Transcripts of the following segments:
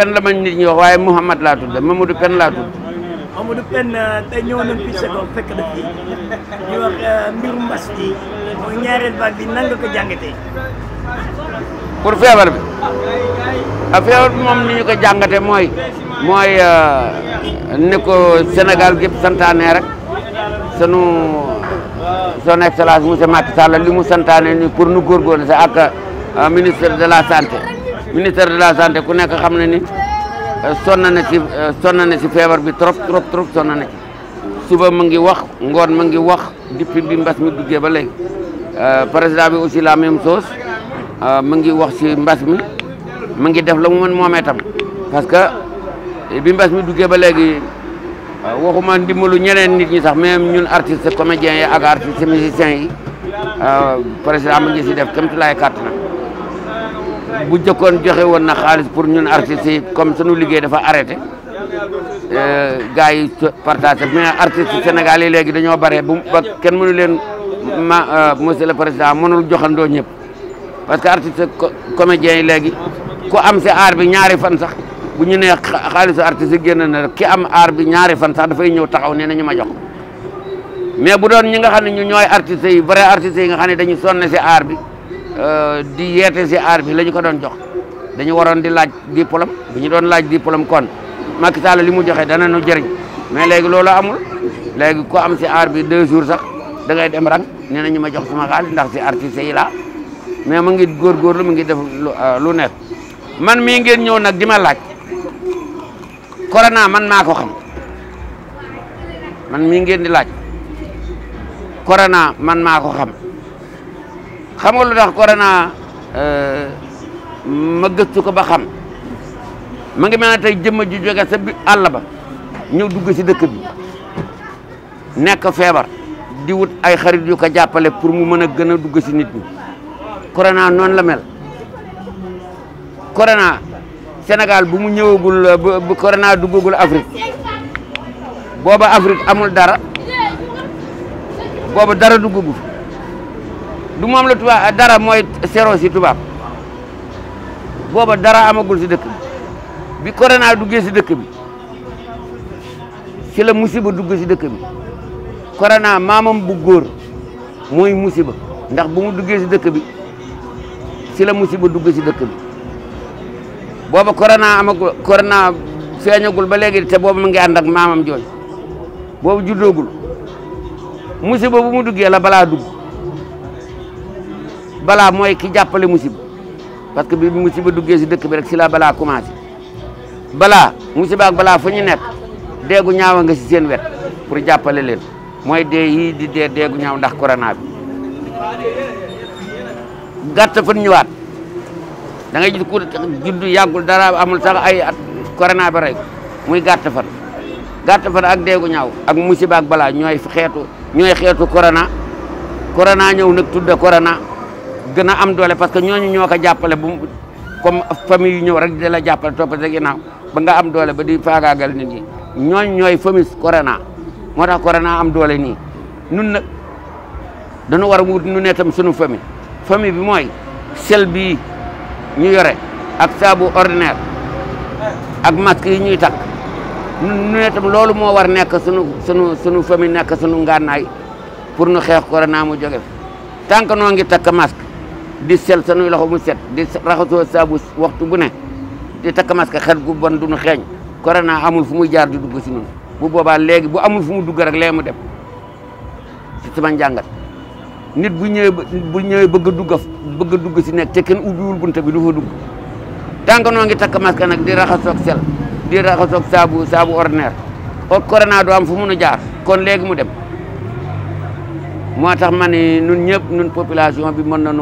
Penn la ma nit waaye Mouhamad laa tudd Mamadou Penn laa euh, euh, feebar bi a ah, feebar bi moom ni ñu ko jàngatee mooy mooy euh, ni ko Sénégal gépp santaane rek sunu son excellence monsieur Macky Sall li mu santaane ni pour nu góorgóorlu sa ak ministre de la santé. ministère de la santé ku nekk xam na ni euh, sonn na ci euh, sonn na ci feebar bi trop trop trop sonn na ci suba mu ngi wax ngoon mu ngi wax depuis bi mbas mi duggee ba léegi euh, président bi aussi la même chose mu ngi wax si mbas mi mu ngi def la mu mën moomee tam parce que bi mbas mi duggee ba léegi waxuma ndimbalu ñeneen nit ñi sax même ñun artistes comédiens yi ak artistes musiciens yi président mu ngi ci def kéem tolluwaay kàttan bu jëkkoon joxe woon na xaalis pour ñun artistes yi comme nu liggéey dafa arrêté euh, gars yi partagé mais artistes Sénégal yi léegi dañoo bare bu ba kenn mënu leen ma euh, monsieur le président mënul joxandoo ñëpp parce que artistes comédiens yi léegi ku am si aar bi ñaari fan sax bu ñu nee xaalisu artistes yi génn na rek ki am aar bi ñaari fan sax dafay ñëw taxaw nee na ñu ma jox mais bu doon ñi nga xam ne ñu ñooy artistes yi vrai artistes yi nga xam dañu sonn si aar bi Eh, di yete si aar bi lañu ko don jox dañu waron di laaj diplôme bu don laaj diplôme kon Macky Sall limu joxe dana ñu jëriñ mais légui loolu amul légui ko am si aar bi 2 jours sax da ngay dem rang nee nañu ma jox sama xal ndax si artiste yi la mais ma ngi góorgóorlu mu ngi def lu euh, neex man mi ngeen ñew nak di laaj corona man mako xam man mi ngeen di laaj corona man mako xam xam nga lu tax corona euh, ma gëstu ko ba xam ma ngi mel ne tey jëmm ji jóge sa bi àll ba ñëw dugg si dëkk bi nekk feebar di wut ay xarit yu ko jàppale pour mu mën a gën a dugg si nit ñi corona noonu la mel corona senegal bu mu ñëwagul bu corona duggagul Afrique booba Afrique amul dara booba dara duggagul du moom la tubaab dara mooy sero si tubaab booba dara amagul si dëkk bi bi corona duggee si dëkk bi si la musiba dugg si dëkk bi corona maamam bu góor mooy musiba ndax bu mu duggee si dëkk bi si la musiba dugg si dëkk bi booba corona amagul corona feeñagul ba léegi te boobu mu ngi ànd ak maamam jooju boobu juddoogul musiba bu mu duggee la balaa dugg bala moy ki jappale musiba parce que bi musiba duggé ci dëkk bi rek si la balaa commencé bala musiba ak bala fu nek dégu deegu ñaawa nga ci seen wet pour jappale leen moy dé yi di dé deegu ñaaw ndax corona bi fa ñu waat da ngay jitt ku jiddu yagul dara amul sax ay at corona ba rek muy gatt fa gatt fa ak dégu ñaaw ak musiba ak bala ñoy xeetu ñoy xeetu corona corona ñew nak tudde corona gën a am doole parce que ñooñu ñoo ko jàppale bu comme famille yu ñëw rek di la jàppale toppatoo ginnaaw ba nga am doole ba di faagaagal nit ñi ñooñu ñooy famille corona moo tax corona am doole nii nun na dañu war a wut nu ne tam sunu famille famille bi mooy sel bii ñu yore ak saabu ordinaire ak masque yi ñuy takk nu ne loolu moo war nekk sunu sunu sunu famille nekk sunu ngànnaay pour nu xeex corona mu jóge fi tant que noo ngi takk masque di sel sanuy loxo mu set di raxasoo saabu waxtu bu ne di tak maska xel gu bon duñu xegn corona amul fu muy jaar di dugg ci ñun bu boba legi bu amul fu mu dugg rek lee mu dem ci sama njàngat nit bu ñewé bu ñewé bëgg dugg bëgg dugg ci nek te ken ubiwul bunte bi du fa dugg tank no ngi tak maska nak di raxasoog sel di raxasoog sabu sabu ordinaire o corona do am fu mun a jaar kon legi mu dem motax mané nun ne ñun ñëpp ñun population bi mën na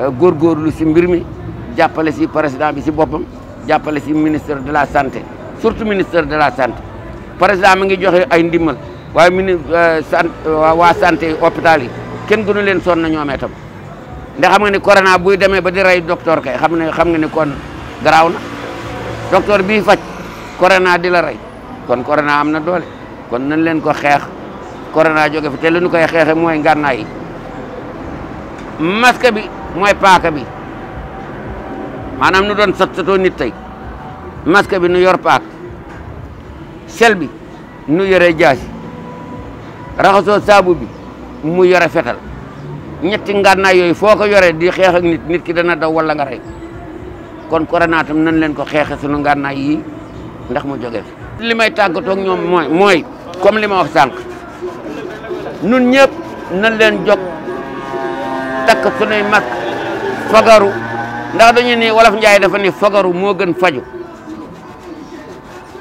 Euh, góorgóorlu si mbir mi jàppale si président bi si boppam jàppale si ministre de la santé surtout ministre de la santé président mi ngi joxe ay ndimbal waaye mini euh, sant waa santé hôpital yi kenn gënu leen sonn na ñoomee tam ndax xam nga ni corona buy demee ba di rey docteur kay xam ne xam nga ni kon garaaw na docteur bi faj corona di la rey kon corona am na doole kon nañ leen ko xeex corona jóge fi te lu ñu koy xeexe mooy ngànnaay yi masque bi moy paaka bi manam nu don sot sotoo nit tay masque bi nu yor paak sel bi nu yore jaasi raxoso sabu bi mu yore fetal ñetti ngànnaay yoy foko yore di xex ak nit nit ki dana daw wala nga rek kon coronatum nan len ko xeexe sunu ngànnaay yi ndax mu joge limay tagato ak ñom moy moy comme wax sank nun ñëpp nan len jog tak sunay masque fagaru ndax dañu ne wolof njaay dafa ne fagaru moo gën faju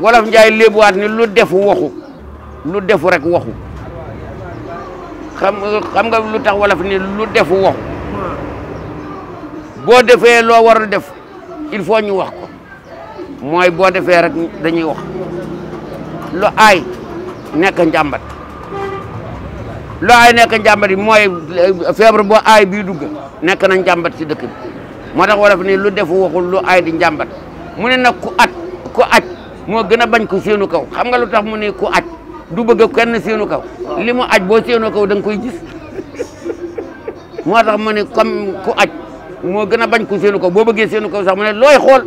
wolof njaay léebuwaat ni lu defu waxu lu defu rek waxu xam xam nga lu tax wolof ni lu defu waxu boo defee loo warul def il faut ñu wax ko mooy boo defee rek dañuy wax lu aay nekk njàmbat loo ay nekk njàmbat yi mooy eh, feebar boo aay bii dugg nekk na njàmbat ci dëkk bi moo tax wolof ni lu defu waxul lu aay di njàmbat mu ne nag ku at ku aj moo gën a bañ ko séenu kaw xam nga lu tax mu ne ku aj du bëgg kenn séenu kaw li mu at boo séenu kaw da nga koy gis moo tax mu ne comme ku aj moo gën a bañ ku séenu kaw boo bëggee séenu kaw sax mu ne looy xool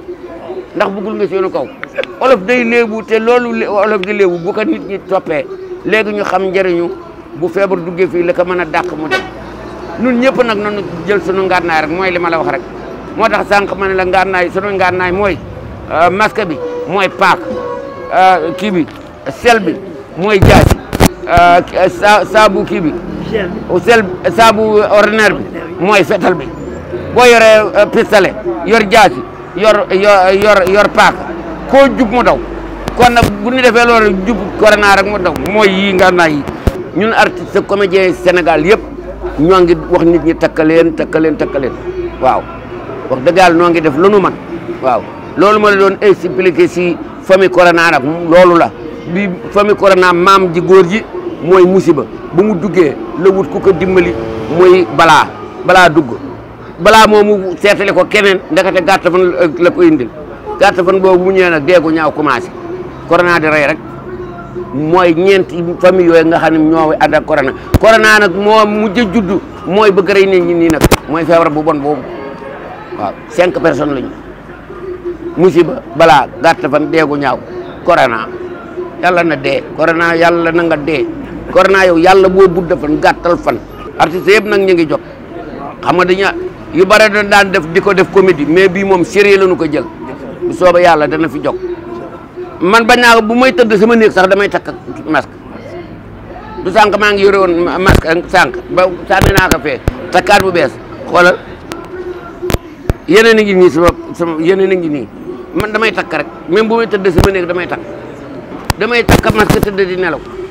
ndax bëggul nga séenu kaw olof day léebu te loolu olof di léebu bu ko nit ñi toppee léegi ñu xam njëriñu bu feebar duggee fii la ko mën a dàq mu dem nun ñëpp nag noonu jël sunu ngànnaay rek mooy li ma la wax rek moo tax sànq ma ne la ngànnaay sunu ngànnaay mooy euh, masque bi mooy paak euh, kii bi sel bi mooy jaaj euh, saabu kii bi sel saabu ordinaire bi mooy fetal bi boo yore pistolet yor jaasi yor yor yor paak koo jub mu daw kon nag bu ñu defee loolu jub corona rek mu daw mooy yii ngànnaay yi ñun artiste comédien Sénégal yépp ñoo ngi wax nit ñi takaleen takaleen takaleen waaw wax deug yaal ñoo ngi def lu nu man waaw loolu ma la doon expliquer ci famille corona nak loolu la bi famille corona mam ji goor ji moy musiba bu mu duggé le wut ku ko dimbali moy bala bala dugg bala momu sétalé ko kenen ndekete gàtt fan la ko indil gàtt fan bobu mu ñëwee nag ñaaw commencé corona di ray rek moy ñent famille yo nga xamni ada ñoo ànd corona corona nak mo mujj a judd moy bëgg rey nit ñi nak moy fièvre bu bon boobu wa 5 personnes lañu musiba bala gatt fan dégu ñaaw corona yalla na dé corona yalla na nga dé corona yow yalla bo budd fan gattal fan artiste yëpp nak ñi ngi jot xam nga dañu yu bare daan def di def comédie mais bi mom sérieux lañu ko jël bu soba yalla dana fi jox man bañ naa ko bu may tëdd sama néeg sax damay takk masque du sànq maa ngi yore woon masque sànq ba sànni naa ko fee takkaat bu bees xoolal yeneen a ngi nii sama sama yeneen a ngi nii man damay takk rek même bu may tëdd sama néeg damay takk damay takk masque tëdd di nelaw